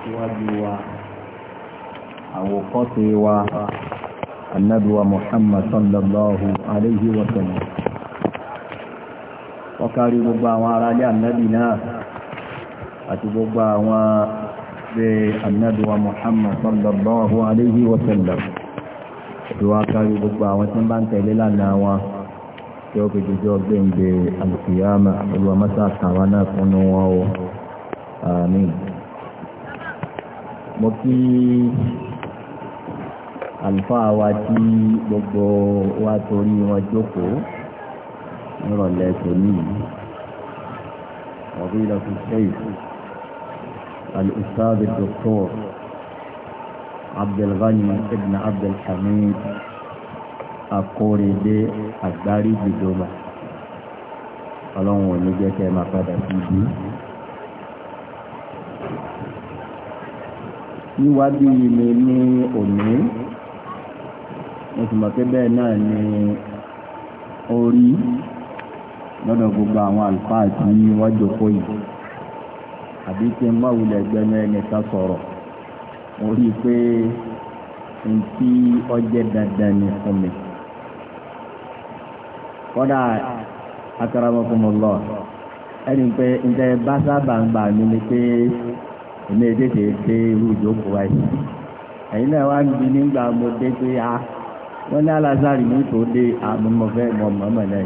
síwájú wa àwòkọ́ṣe wa annabuwa muhammad sallallahu alayhi wa sallam ọkàrí gbogbo àwọn ará ilé annabi náà àti gbogbo àwọn bẹ annabuwa muhammad sallallahu alayhi wa sallam ìwákàrí gbogbo àwọn tí ń bá ń tẹ̀lé lánàá wọn tí ó fi jíjọ gbẹ̀ǹgbẹ̀ alìkìyàmà olùwàmọ́sà kàwánà fún wọn o àmín mo kí àlùfáà wa tí gbogbo wa torí wọn jókòó nírọ̀lẹ́ tòní فضيلة الشيخ الأستاذ الدكتور عبد الغني ابن عبد الحميد Akóredé Àgbáríjìdọ́là ọlọ́run ò ní jẹ́ kẹ́ máa padà sí ibi. wíwádìí mi ní òní mo sì mọ̀ pé bẹ́ẹ̀ náà ni orí lọ́dọ̀ gbogbo àwọn àlùfáà tí wọ́n jòkó yìí àbí tí ń máa wulẹ̀ gbẹnu ẹnìkan sọ̀rọ̀ mo rí i pé ntí ọjẹ́ dandan ni fún mi kọ́dà akaramakumọ̀lọ́ ẹni pé bá èmi èdèdè ṣe irú ìjókòó wáyé ẹ̀yin náà wá ń bi nígbà mo dé pé a wọ́n ní alazari ní tó dé àmọ́mọ́fẹ́ mọ̀mọ́mọ́ náà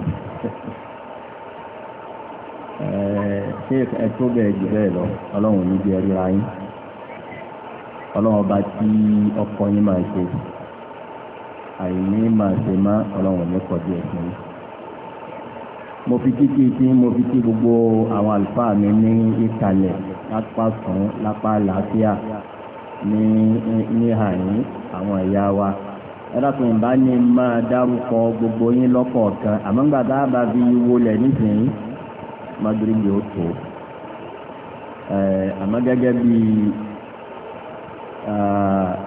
ṣe ẹ̀tọ́ bẹ̀rẹ̀ jù bẹ́ẹ̀ lọ ọlọ́run níbi ẹ̀rí ayé ọlọ́run ọba tí ọkọ yín máa ṣe àìní máa ṣe má ọlọ́run ní kọjú ẹ̀sìn yìí mo fi kíkí tí mo fi kí gbogbo àwọn àlùfáà mi ní ìkàlẹ̀ lápá kan lápá àlàáfíà ní níhà yín àwọn ẹ̀yà wa ẹlẹ́kùn ìbá ní máa dárúkọ gbogbo yín lọ́kọ̀ọ̀kan àmọ́ ńgbà tá a bá fi wọlẹ̀ nísìnyí magrebi ó tó àmọ́ gẹ́gẹ́ bí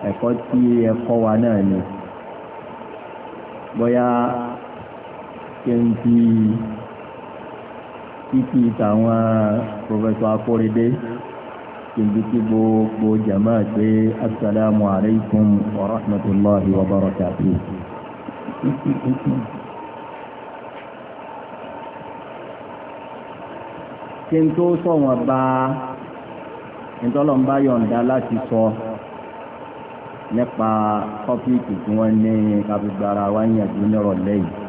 ẹ̀kọ́ tí ẹ kọ́ wa náà ni bóyá kí n fi títí tàwọn pòfẹ́sọ̀ akóredé kíbi tí gbogbo jama pé asalaamu alaykum wa rahmatulahi wa barakatu. kí n tó sọ̀wọ́n bá ntọ́lọ́mbá yọ̀ǹda láti sọ nípa tọ́píìkì tí wọ́n ní kábígbára wa ń yàgbé nírọ̀lẹ́ yìí.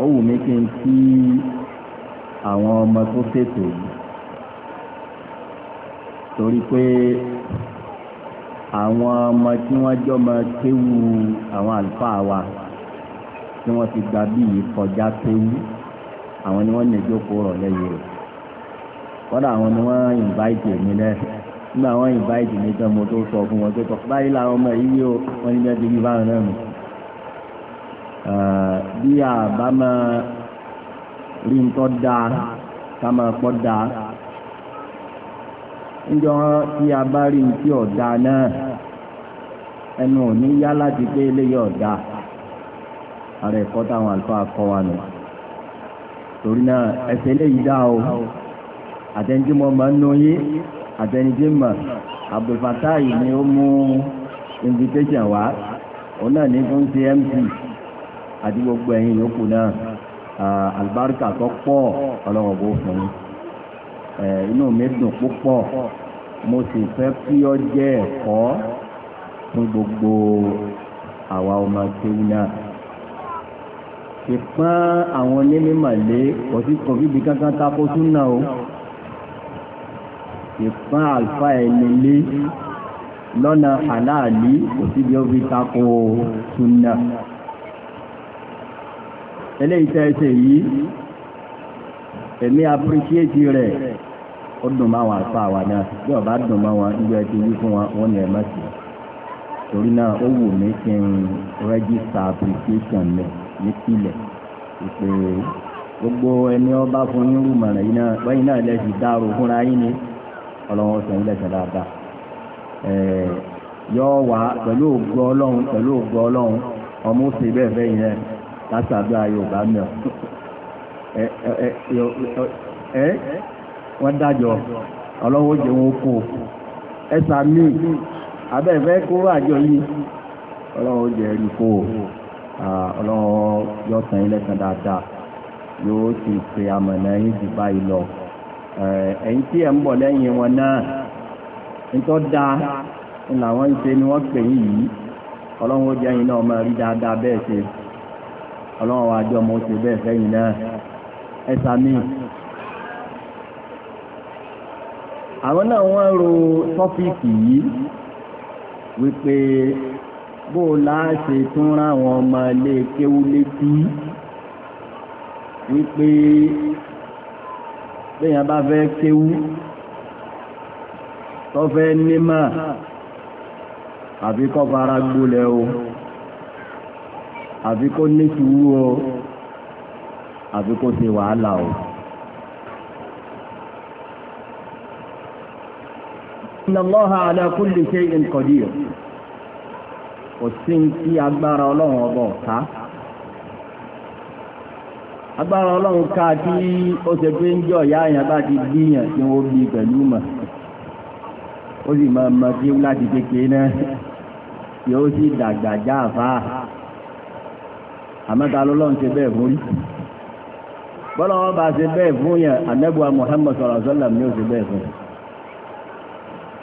ó wù mí kí n kí àwọn ọmọ tó ṣètò yìí torí pé àwọn ọmọ tí wọ́n jọ máa kéwu àwọn àlùfáà wa tí wọ́n ti gba bí ìkọjá kéwu àwọn ni wọ́n ní ìjókòó rọ̀ lẹ́yìn rẹ̀ kọ́dà àwọn ni wọ́n invite mi lẹ́ nígbà wọ́n invite mi tán mo tó sọ fún wọn tó tọ́ báyìí làwọn ọmọ yìí yóò wọ́n ní bẹ́ẹ̀ ti rí báwọn náà nù bí àbámọ́ rí ń tọ́ da ká máa pọ́ da níjọ́ tí a bá rí ní tí ọ̀dà náà ẹnu ò ní yá láti pé eléyìí ọ̀dà ara ẹ̀kọ́ táwọn àlùfáà kọ́ wa nù torí náà ẹsẹ̀ eléyìí dá o àtẹnjí mo máa ń nu yé àtẹnjí mọ̀ Abdulfatai ni ó mú invitation wá òun náà ní fún cmc àti gbogbo ẹ̀yìn yòókù náà àlùbáríkà tó pọ̀ ọlọ́wọ́ bó fún yín inú mi dùn púpọ̀ mo sì fẹ́ kí ọ jẹ́ ẹ̀kọ́ fún gbogbo àwa ọmọ kéwú náà ìpán àwọn onímọ̀lé kọ̀sí kọ̀bíbi kankan tako súnà o ìpán àlfà ẹ̀lẹ́lé lọ́nà àláàlí kọ̀sí bí ó fi tako súnà eléyìí tẹ́ ẹsẹ̀ yìí èmi apírísíétì rẹ̀ ó dùn máa wọn àfa àwa náà bí ọba dùn máa wọn ibi na ti fún wọn má sí torí náà ó wù mí kí n application mi ní ìpè gbogbo ẹni ọba fún yín rú náà náà dárò fúnra yín ni ọlọ́wọ́ lẹ́sẹ̀ dáadáa yọ wá pẹ̀lú ọlọ́run pẹ̀lú ọlọ́run ọmọ òsè bẹ́ẹ̀ bẹ́ẹ̀ wọ́n dájọ́ ọlọ́wọ́ jẹ wọn kò ẹ̀sà abẹ́fẹ́ kó àjọ yìí ọlọ́wọ́ jẹ rí ọlọ́wọ́ yóò tàn yín dáadáa yóò ti pe àmọ̀nà lọ ẹ̀yìn tí ẹ̀ ń bọ̀ lẹ́yìn wọn náà nítọ́ da làwọn ni àwọn náà wọ́n ro tọ́pìkì yìí wípé bó láàṣẹ tún ráwọn ọmọ ilé kéwú létí wípé bẹ́yàn bá fẹ́ kéwú tó nímọ̀ àfi kó fara gbólẹ̀ o àfi kó ní sùúrù o àfi kó ṣe wàhálà o. inna Allaha ala kulli shay'in qadir kò sí tí agbára ọlọ́run ọba ọ̀ká agbára ka, ká tí ó ṣe pé ń ti O si ma na, bá bẹ́ẹ̀ fún yẹn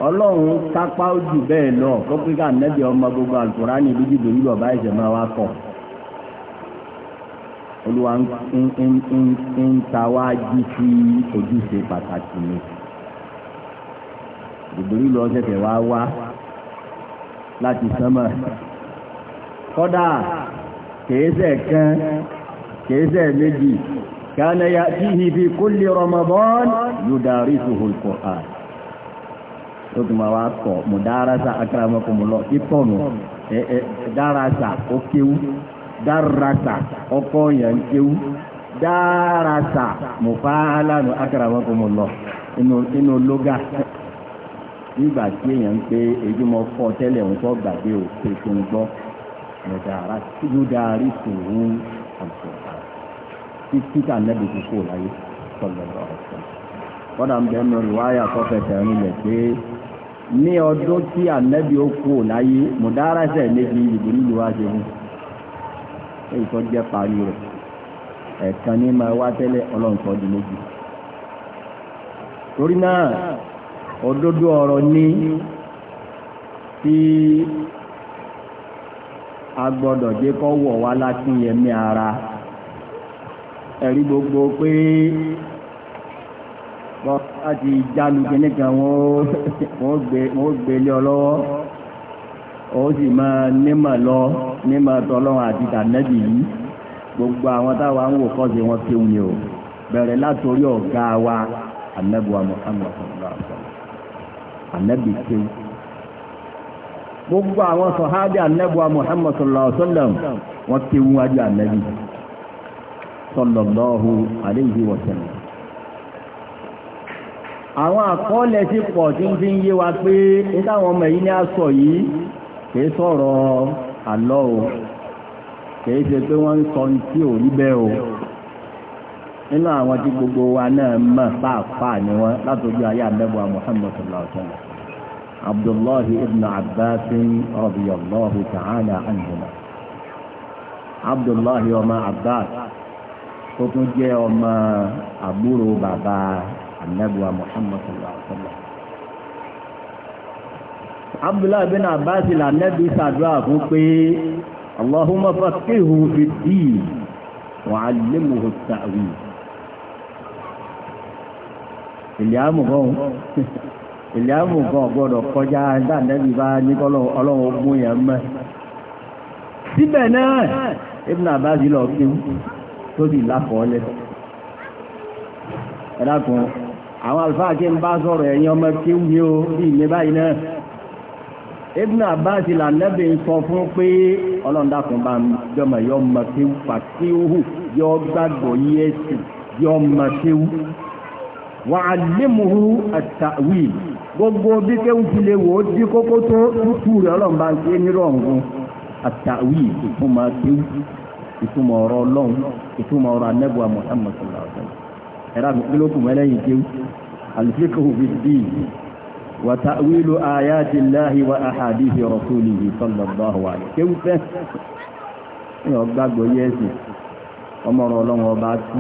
ọlọ́run kápá ó jù bẹ́ẹ̀ lọ tó pé ká nẹ́bí ọmọ gbogbo alukurani lójú ìdòrí bàbá ẹ̀jẹ̀ máa wá kọ̀ olúwa ń ta wá jí sí ojúṣe pàtàkì ni ìdòrí lọ ṣẹ̀ṣẹ̀ wá wá láti sánmọ̀ kọ́dà kèésẹ̀ kan kèésẹ̀ méjì kánayà tíhìbí kúlì Ramadan yóò darí ìṣòho al tó tún máa wá sọ mùdárasà akramakumullah ìtọ̀nù dárasà ó kéwú dárasà ọkọ yẹn kéwú dárasà mùfàálànù akramakumullah inú lóga nígbà tí èèyàn ń pé ejúmọ́ fọ́ tẹ́lẹ̀ ń fọ́ gbàgbé ò pé tó ń gbọ́ mùdárasà yúdarí tòun àgbọ̀ká títí tà nẹ́bi kúkú láyé sọ̀rọ̀ lọ́wọ́ sọ̀rọ̀ kọ́dà ń bẹ́ẹ̀ nù rí wáyà kọ́fẹ̀ẹ́ tẹ̀rín lẹ̀ pé. ní ọdún tí ànábì ó kú láyé mùdárásẹ̀ méjì ìdìbò ìlú wa ṣe mú èyí tó jẹ́ parí rẹ̀ ẹ̀ẹ̀kan ní máa wá tẹ́lẹ̀ ọlọ́run di méjì torí náà òdodo ọ̀rọ̀ ní tí a gbọ́dọ̀ gbogbo pé wọn láti jálu kíní kan wọn ó gbé lé ọ lọ́wọ́ ó sì máa nímọ̀ lọ nímọ̀ tọ́lọ́run àti tànẹ́bì yìí gbogbo àwọn táwa ń wò kọ́sí wọn kéwù ni o bẹ̀rẹ̀ látòrí ọ̀gá wa anabiwa muhammed anabi kéwù gbogbo àwọn sọ̀hábì anabiwa muhammed sallallahu alaihi wa sallam wọn kéwù wájú anabi sallallahu alaihi wa sallam. àwọn àkọọ́lẹ̀ ti pọ̀ tí ń fi ń yé wa pé ìtàwọn ọmọ yìí ní àsọ yìí kìí sọ̀rọ̀ àlọ́ o kìí ṣe pé wọ́n ń sọ tí ò rí bẹ́ẹ̀ o nínú àwọn gbogbo wa náà mọ̀ pàápàá ni wọ́n látọjú ayé àbẹ́bọ̀ Muhammad sallallahu Abdullahi ibn Abbas radiyallahu ta'ala anhuma Abdullahi ọmọ Abbas tó tún anabuwa muhammad sallallahu alaihi wa sallam. abdullahi bin abbas la nabi ṣàdúrà fún pé allahumma faqihu fi ddin wa allimhu ta'wil. ìlíàmù kan ìlíàmù kan gbọ́dọ̀ kọjá dáadáa bá ní ọlọ́run mú yẹn mọ́. síbẹ̀ náà ibùdó àbájú lọ kí tó sì lákọ̀ọ́lẹ̀. ẹ dákun àwọn alfáà tí ń bá sọ̀rọ̀ ẹ̀yìn ọmọ tí ń yí o bí ìmé báyìí náà Ibn Abbas lànẹ́bì ń sọ fún pé ọlọ́ndàkùn bá jọmọ̀ yọ mọ̀ tí ó fà tí ó hù yọ gbàgbọ́ yí ẹ̀sìn yọ mọ̀ tí ó wà á lémuhu àtàwì gbogbo bí kéwù ti lè wò ó dí kókó tó tútù rẹ̀ ọlọ́mbà ń pè nírọ̀rùn àtàwì ìtumọ̀ tí ó ìtumọ̀ ọ̀rọ̀ ọlọ́run ìtumọ̀ ọ̀rọ̀ anẹ́bùwà Muhammad sallallahu alaihi wasallam ẹ̀rá mi kílókù mẹ́lẹ́yìn tí alìsíkòhù fi dì wà ta'wilu ayati llahi wa ahadithi rasulihi sallallahu alaihi kéwù fẹ́ ní ọgbàgbọ́ yẹ́sì ọmọ ọ̀rọ̀ ọlọ́run ọba tú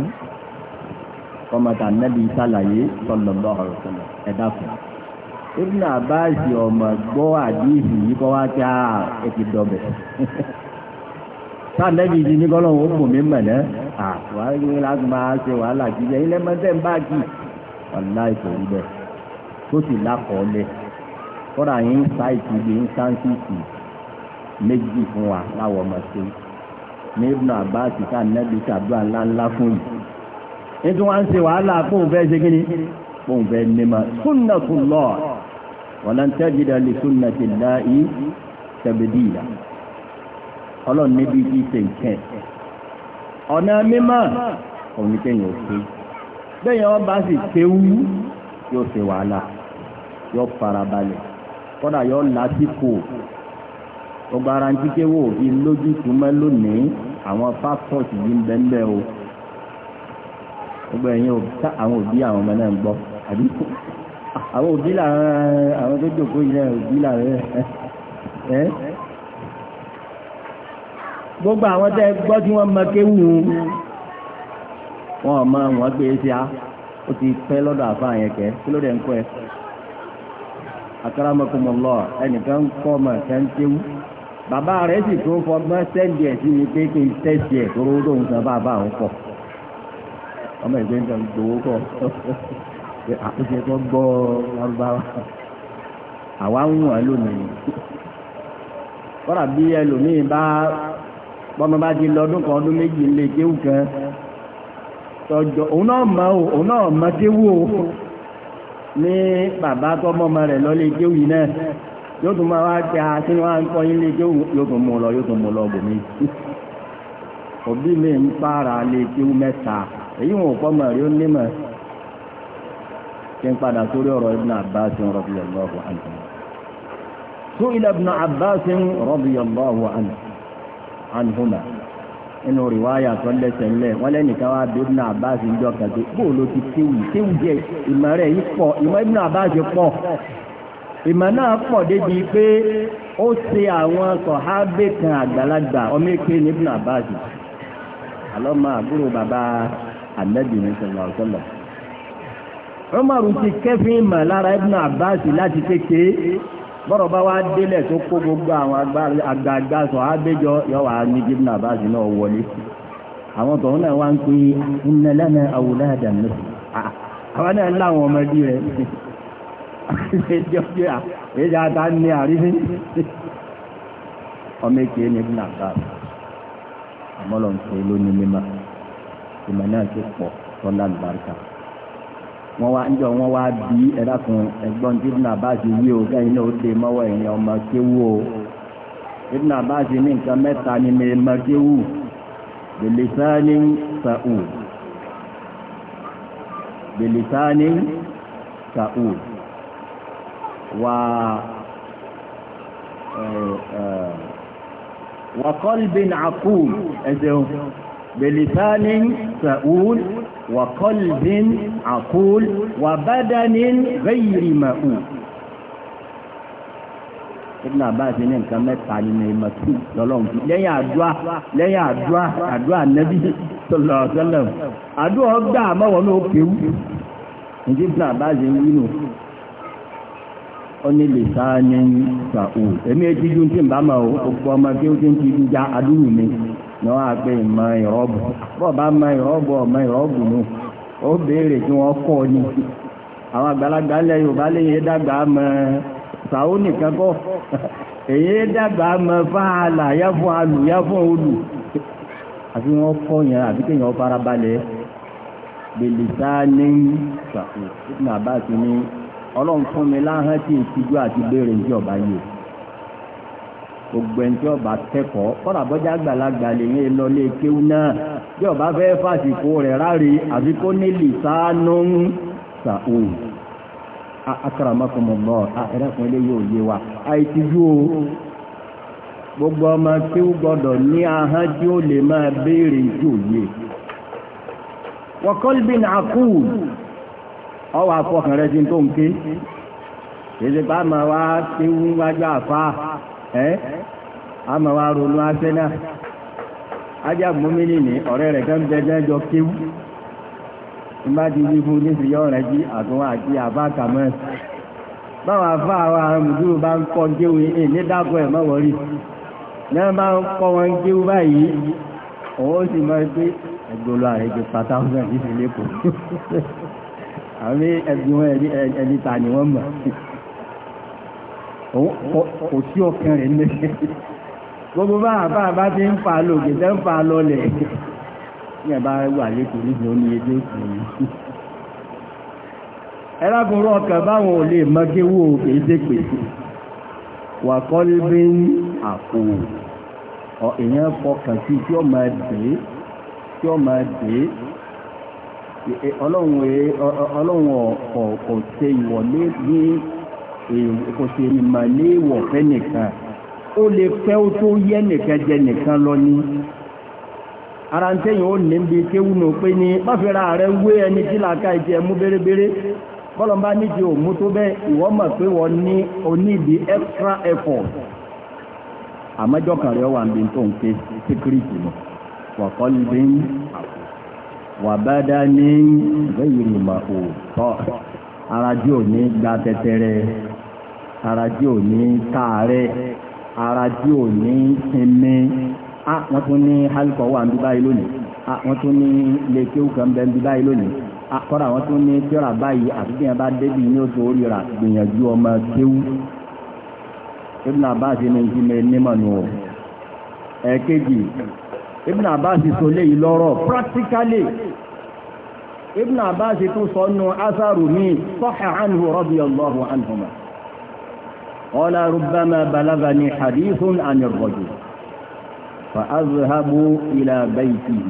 ọmọ tànẹ́bí sàlàyé sallallahu alaihi wasallam ẹ̀dá fún ibùdó àbáàsì ọmọ gbọ́ àdìsí yìí kọ́ wá kí á ẹ̀kí dọ̀bẹ̀ sànẹ́bí yìí ní kọ́lọ́hún ó bùn mí mọ̀lẹ́ àwọn aráyé láti máa ṣe wàhálà jíjẹ ilé mọ́tẹ́ ń bá kì ọ̀la ìtòrí bẹ̀ tó sì lákọ̀ọ́lẹ̀ kọ́ra yín sáìtì ibi ń sáńsìtì méjì fún wa láwọ̀ ọmọ ṣe ní ibùdó àbáàtì sànẹ́bí sàdúrà ńláńlá fún yìí nítorí wọn ṣe wàhálà kóun fẹ́ ṣe kíni kóun fẹ́ nímọ̀ sunnatullah wa lan tajida li sunnatillahi tabdila ọlọ́run níbi tí ṣe nǹkan ọ̀nà mímọ́ òun ni kéèyàn ò ṣe bẹ́ẹ̀ wọ́n bá sì ṣéwú yóò ṣe wàhálà yóò farabalẹ̀ kọ́dà yóò lásìkò gbogbo ara ń jíké wò fi lójú túmọ̀ lónìí àwọn passport yìí ń bẹ́ ń bẹ́ o gbogbo ẹ̀yin àwọn òbí àwọn ọmọ náà ń gbọ́ àbí àwọn òbí làwọn àwọn tó jòkó yìí náà òbí làwọn ẹ̀ ẹ́ gbogbo àwọn tẹ́ gbọ́ tí wọ́n mọ kéwù wọn mọ wọn gbé sí a ó ti pẹ́ lọ́dọ̀ àfa yẹn kẹ́ kí ló dé ń kọ́ ẹ. akaramakumullah ẹnìkan kọ́ ọmọ ẹ̀kẹ́ ń kéwù bàbá rẹ̀ sì tún fọgbọ́n sẹ́ndì ẹ̀ sí mi pé kí n tẹ̀sí ẹ̀ tó rówó tóun san bàbá àwọn pọ̀ ọmọ ìgbẹ́ nǹkan gbowó kọ́ àkóso tó gbọ́ lárúbáwá àwa ń wọ̀n lónìí kọ́ra bí ẹlòmíì bá bọ́mọ bá ti lọ́dún kan ọdún méjì lè kéwù kan tọjọ́ òun náà mọ́ o òun náà mọ́ kéwù o ní bàbá tọ́mọ́mọ́ rẹ̀ lọ lè kéwù yìí náà yóò tún máa wá kí a kí wọ́n ń kọ́ yín lè kéwù yóò tún mú lọ yóò tún mú lọ bòmí òbí mi ń para lè kéwù mẹ́ta èyí wọn ò fọmọ rí ó nímọ̀ kí n padà sórí ọ̀rọ̀ Ibn Abbas radiyallahu anhu. Su'ila Ibn Abbas radiyallahu anhu. anhuma nínú rìwáyà tó lẹ́sẹ̀ ńlẹ̀ wọ́n lẹ́nìkan wá bí ibùnà abbas ń jọ kàdé bóò ló ti kéwì kéwì jẹ ìmọ̀ rẹ̀ yìí pọ̀ ìmọ̀ ibùnà abbas pọ̀ ìmọ̀ náà pọ̀ débi pé ó ṣe àwọn sọ̀hábẹ́ kan àgbàlagbà ọmọ èké ní ibùnà abbas àlọ́mọ ti abbas lati keke. bọ́rọ̀ bá wá délẹ̀ tó kó gbogbo àwọn àgbààgbà sọ abéjọ yọ wà ní gígùn àbáṣe náà wọlé àwọn tọ̀hún náà wá ń pè iná lẹ́nà àwòrán àdàmú àwọn náà láwọn ọmọdé rẹ̀ ẹjọ́jọ́ ẹjọ́ àtà ní àrífín ọmọ èké ní gígùn àbá àmọ́lọ̀ ń pè lónìí mímọ́ ìmọ̀ náà ti pọ̀ tọ́lá àlùbáríkà wọ́n wá níjọ́ wọ́n wá bí ẹ̀dàkùn ẹ̀gbọ́n tí Ibn Abbas yí o kẹ́yìn náà ó dé mọ́wọ́ ẹ̀yìn ọmọ kéwú o Ibn Abbas ní nǹkan mẹ́ta ni mi mọ kéwú bèlìsáni sàù bèlìsáni sàù wà wà qalbin aqul ẹ̀sẹ̀ bèlìsáni sàù. وقلب عقول وبدن غير مأوب ibn abbas ní nǹkan mẹ́ta nínú ìmọ̀tí lọ́lọ́run fi lẹ́yìn àdúrà lẹ́yìn àdúrà àdúrà nẹ́bí sallallahu alaihi wasallam àdúrà ọgbà àmọ́wọ́ ní òkèwú ní ibn abbas ń wí nù ó ní lè sáá ní ṣàkóò èmi ètí ju ti ń bá mọ́ o gbọ́ ọmọ kí ó ti ń ti dúdá adúrú mi ni wọ́n á pé ìmọ̀ ìrọ́bù bọ́ọ̀ bá mọ ìrọ́bù ọmọ ìrọ́bù nù ó béèrè kí wọ́n kọ́ ni àwọn àgbàlagbà ilẹ̀ Yorùbá lè yé dàgbà mọ sàó nìkan kọ èyí dàgbà mọ fáàlà yẹ́fún alù yẹ́fún olù àfi wọ́n kọ́ yẹn àfi kéèyàn ní ọlọ́run fún mi tí àti béèrè ní ọba yìí gbogbo ẹni tí ọba kẹ́kọ̀ọ́ kọ́ra bọ́jà àgbàlagbà lèyìn lọlé kéwú náà bí ọba fẹ́ fàṣìkò rẹ̀ ráre àfi kó ní lìsánú sàù akaramakumọ̀lọ́ ẹ̀rẹ́kùn eléyìí ò yé wa àìtijú o gbogbo ọmọ kéwú gbọ́dọ̀ ní ahọ́n tí ó lè máa béèrè ìjọ òye wọ́kọ́lbìn àkúù ọwọ́ afọ́kàn rẹ̀ ti tó ń ké bá máa wá kéwú wájú àfáà ẹ́ a ma wá ronú asẹ́nà ni mọ́mílì ní ọ̀rẹ́ rẹ̀ kan bẹ́ẹ̀ jọ kéwú ní bá ti wí fún nífi yọ rẹ̀ jí àtúnwá àti àbá kàmẹ́ báwọn afá àwọn àmùdúró bá ń kọ́ kéwú ní nídàkọ̀ ẹ̀ mọ́wọ́rì náà máa ń kọ́ wọn kéwú báyìí òun ó sì máa gbé ẹgbòlò àrẹ̀gbẹ̀ pàtàkùn ìfẹ́ lẹ́kọ̀ọ́ àmì ẹgbìwọ̀n ta ni wọ́n mọ̀ kò sí ọkàn rẹ̀ lẹ́kẹ̀ẹ́ gbogbo bá àbá àbá ti ń fa lògì tẹ́ ń fa lọlẹ̀ ní ẹ̀bá wà lẹ́kùn ní ìlú ní ẹjọ́ kù ní ẹlákùnrin ọkà báwọn ò lè mọ́géwò èdèpè wà kọ́lébé àpò èèyàn fọkàn sí tí ó máa dé tí ó máa dé ọlọ́run ọ̀kọ̀ ṣe ìwọ̀ ní kò ṣe ìmọ̀léwọ̀ fẹ́nìkan ó lè pẹ́ ó tó yẹ́ nìkan jẹ nìkan lọ ní ara ń tẹ́yìn ó ní bí kéwú pé ní máfẹ́ra rẹ̀ wé ẹni tí làákà ìtì ẹmú bérebére bọ́lọ̀mbá níjẹ òmú tó bẹ́ ìwọ́n mọ̀ pé wọ́n ní oníbi extra effort àmọ́jọ́kàn rẹ̀ wà níbi tó ń ké síkírìtì nù ní ara jí ò ní gba ara jí ò ní ara tí ò ní sinmi a wọ́n tún ní halkọ̀ wà ń bí báyìí lónìí a wọ́n tún ní lẹ́kẹ́wù kan bẹ́ẹ̀ ń bí báyìí lónìí a kọ́ra wọ́n tún ní tíọ́ra báyìí àti bá débi ní oṣù orí rà gbìyànjú ọmọ kéwù Ibn Abbas ní ìsinmi nímọ̀ nù ọ́ ẹ̀ẹ́kejì Ibn Abbas sọ léyìí lọ́rọ̀ practically Ibn Abbas tún sọ nù asaru mi sọ́hà anhu radiyallahu anhuma. قال ربما بلغني حديث عن الرجل فأذهب إلى بيته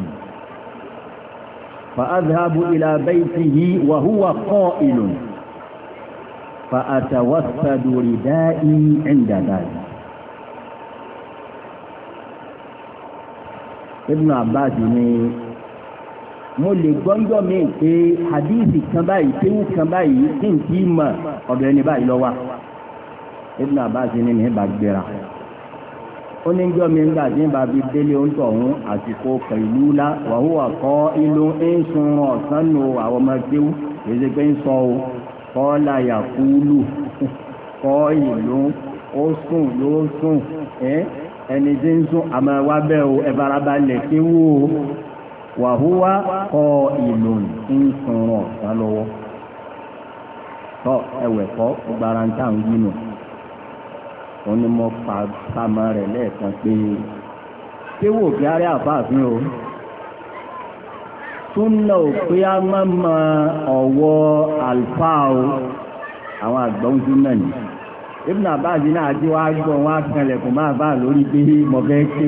فأذهب إلى بيته وهو قائل فأتوسد ردائي عند ذلك Ibn Abbas ni mo lè gbọ́njọ́ mi pé hadithi kan báyìí tí ń kan báyìí tí ń kí mọ̀ ọ̀dọ̀ ẹni báyìí lọ Ibn Abbas ní ní bá gbéra ó mi ńgbà délé oúnjẹ ọ̀hún àsìkò pẹ̀lú o kọ́ láyà kúlù kọ́ ìlú ó sùn ló sùn ẹni tí ń sùn àmọ́ wá bẹ́ẹ̀ o ẹ o wàhùwà kọ́ ìlú ń sun ọ̀sán tọ́ ẹ̀wẹ̀ kọ́ gbàrántà ń òun ni mo pa pamọ́ rẹ̀ lẹ́ẹ̀kan pé ṣé wò kí arẹ́ àfáàfin o súnà ò pé a máa o àwọn àgbà ń súnà ni Ibn Abbas náà jí wá gbọ́ wọn á kanlẹ̀kùn máa bá lórí pé mo fẹ́ ké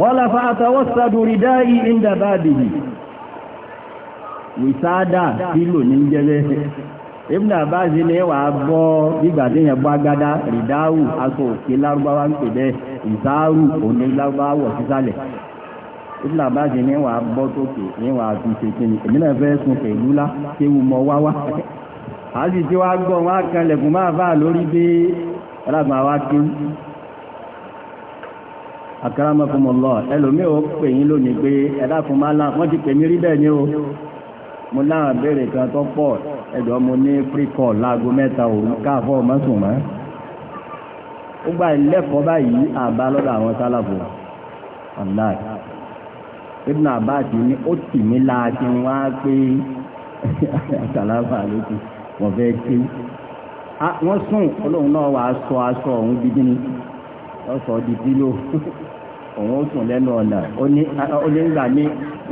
wọ́n lọ fa àtọwọ́sọdù rí dáì ń dàbà bìbì wìsáàdà kí ní jẹ́lẹ́sẹ̀. Ibn Abbas ni wà á bọ́ nígbà tí yẹn bọ́ agbádá rìdáwù aṣọ òkè lárúbáwá ń pè bẹ́ẹ̀ ìsáàrù òní lárúbáwá wọ̀ sísàlẹ̀ Ibn Abbas ni wà bọ́ sókè ni wà fi ṣe kíni èmi náà fẹ́ sun pẹ̀lú lá kéwu a sì ti wá gbọ́ wọn á ẹlòmíì ó o mo béèrè kan tó ẹ̀dọ̀ mo ní precall láago mẹ́ta òru káfọ́ mọ́sùn mọ́ ó gba ìlẹ́kọ̀ọ́ báyìí àbá lọ́dọ̀ àwọn sálàfò aláì ibùdó àbá ti ní ó tì mí láti wá pé àtàlàfà ló ti wọ́n fẹ́ ké wọ́n sùn olóhùn náà wàá sọ aṣọ òun dídí ni wọ́n sọ di bílò òun ó sùn lẹ́nu ọ̀nà ó ní ìgbà ní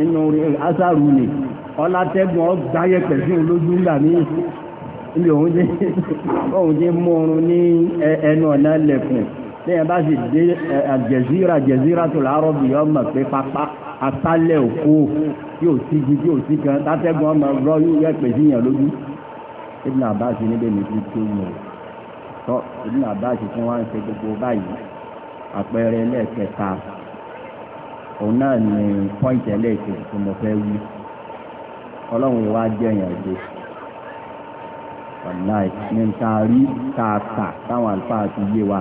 inú asáru nìyí ọlátẹ́gùn ọgbáyẹ pẹ̀sí olójú ńgbà ní ilé òun jẹ́ mọ́rún ní ẹnu ọ̀nà lẹ̀kùn lẹ́yìn bá sì dé àjẹ̀zíra àjẹ̀zíra tó láàárọ̀ bí yọ mọ̀ pé pápá asálẹ̀ òkú yóò sí ju yóò sí kan látẹ́gùn ọmọ rọ yóò yẹ pẹ̀sí yàn lójú Ibn Abbas níbẹ̀ ní ti tó yẹ tọ́ Ibn Abbas tí wọ́n ń ṣe gbogbo báyìí àpẹẹrẹ lẹ́ẹ̀kẹta òun náà ní pọ́ìntì ẹlẹ́ẹ̀kẹ́ tí mo fẹ́ wí ọlọ́run ìwà jẹ̀yàn jù ọ̀nà ìpín taari tààtà táwọn àlùfáà ti yé wa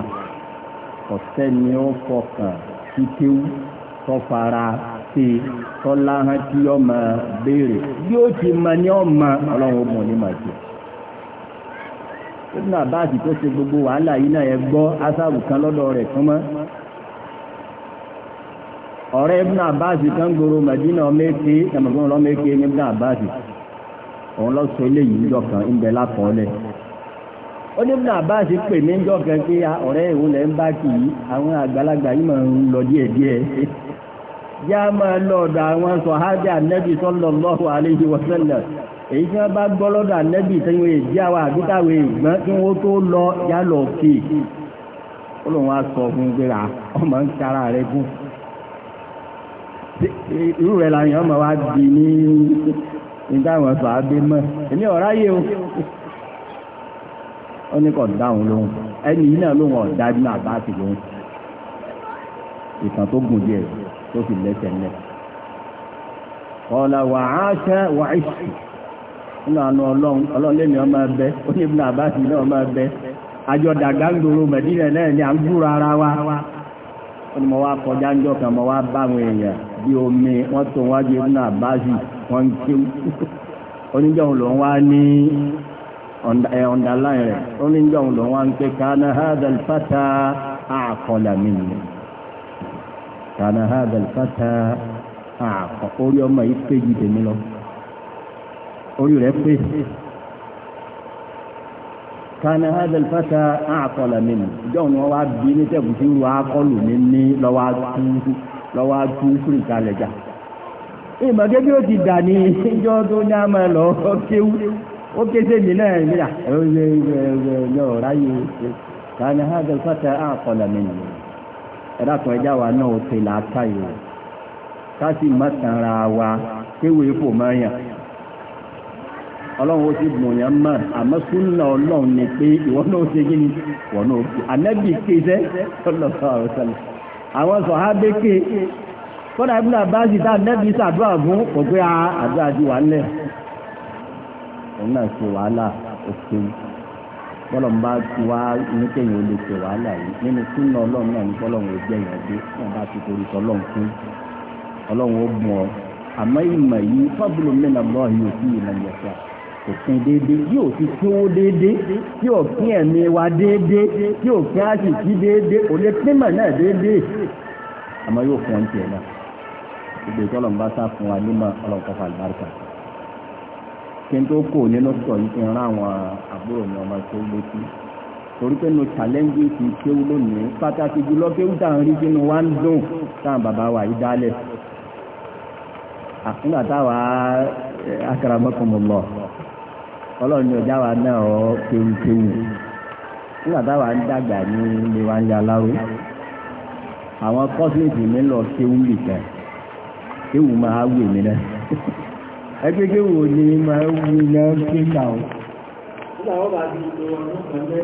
ọ̀sẹ̀ ni ó fọkàn kíkéwú tọ́fara ṣe tọ́láhán tí ọmọ béèrè bí ó ti mọ ní ọmọ ọlọ́run mọ̀ ní màjẹ́ ó ní àbáàtì tó ṣe gbogbo wàhálà yìí náà ẹ gbọ́ asáàbù kan lọ́dọ̀ rẹ̀ kán mọ́ ọ̀rẹ́ ibùn Abbas kan gbòòrò Madina mẹ́kẹ́ ẹ̀mọ̀gbọ́n lọ mẹ́kẹ́ ní Ibn òun lọ sọ ilé níjọ ń bẹ lákọọ́lẹ̀ ó ní ibùn Abbas pè mí níjọ kan ọ̀rẹ́ ìwò lẹ́ ń bá kì í àwọn àgbàlagbà yìí máa ń lọ yá máa lọ ọ̀dọ̀ àwọn èyí tí wọ́n bá gbọ́ lọ́dọ̀ tí wọ́n àwọn ìgbọ́n wọ́n tó lọ yálọ̀ ó lóun á sọ fún gbéra ọmọ ń rẹ gùn irú rẹ̀ làwọn èèyàn máa wá di ní ìdáhùn ẹ̀fà abé mọ́ èmi ọ̀rá yé o ó ní kò dáhùn lóhùn ẹni yìí náà lóhùn ọ̀dá ní àbáàtì lóhùn ìtàn tó gùn díẹ̀ tó fi lẹ́sẹ̀ lẹ̀ ọ̀là wàhásẹ́ wàhásì nínú àánú ọlọ́run ọlọ́run lèmi ọmọ ẹbẹ ó ní ibùdó àbáàtì náà ọmọ ẹbẹ àjọ dàgbà ń gbòòrò mẹ̀dínlẹ̀ náà ni à ń gbúra ara wa wọ́n mọ̀ wá kọjá ń jọ kan mọ̀ wá bá àwọn èèyàn bí omi wọ́n tó wájú ibùdó àbáàzì wọ́n ń kíw oníjọ́ wá ní ọ̀ndàláyìn eh, rẹ̀ oníjọ́ òun lòun wá ń pé kánà àkọlà mi nìyẹn kánà àkọ orí ọmọ كان هذا الفتى أعطل منه جون وابين تبتير وعقل مني لو أتوه لو أتوه كل كالجا ìmọ̀ gẹ́gẹ́ bí ó ti dà ní ìjọ tó ní àmà lọ kéwú ó ké sí èmi náà nígbà ẹ̀rọ ráyè كان هذا الفتى أعطل منه ẹ̀dá kan ẹjá wa náà ó ti làákàyè ká sì má tanra wa kéwèé fò máa yàn ọlọ́run ó ti bùn yẹn mọ̀ àmọ́ súnà ọlọ́run ni pé ìwọ náà ṣe kí ni ìwọ náà ṣe ànábì kéṣẹ́ ọlọ́run àwọn sọ̀rọ̀ àwọn sọ̀hábẹ́ ké kọ́dà ibùdó àbáàsì tá ànábì sàdúrà fún kò pé àdúrà ti wà lẹ̀ òun náà ṣe wàhálà òkè bọ́lọ̀ ń bá ti wá ní kéèyàn ó lè ṣe wàhálà yìí nínú súnà ọlọ́run náà ní kọ́lọ́run ó jẹ́ yẹn dé wọ́n bá ti torí tọ́lọ́run fún ọlọ́run ó ìmọ̀ yìí fábùlù mẹ́nà òfin déédé bí ò ti kí owó déédé bí ò kí ẹ̀mí wa déédé bí ò kí àṣìkí déédé ò lè pínmọ̀ náà déédé àmọ́ yóò fún ọ́n tiẹ̀ náà gbogbo ìtọ́lọ̀ ń bá sá fún wa nímọ̀ ọlọ́nkọ́ fàlùbáríkà kí n tó kó o nínú sọ yìí kí n rán àwọn àbúrò mi ọmọ tó létí torí pé no challenge ti kéwú lónìí pàtàkì jùlọ kéwú tá à ń rí sínú wa ń dùn táwọn bàbá wa yìí dálẹ̀ àfúnà táwa eh, akaramakọmọlọ ọlọ́run ní ọjà wa náà ọ kéwukéwu nígbà táwa ń dàgbà ní ilé wa ń ya aláwo àwọn kọ́sìlẹ̀tì mi lọ kéwu nìkan kéwu máa wù mí náà ẹgbẹ́ kéwu ò máa wù náà kéwà o.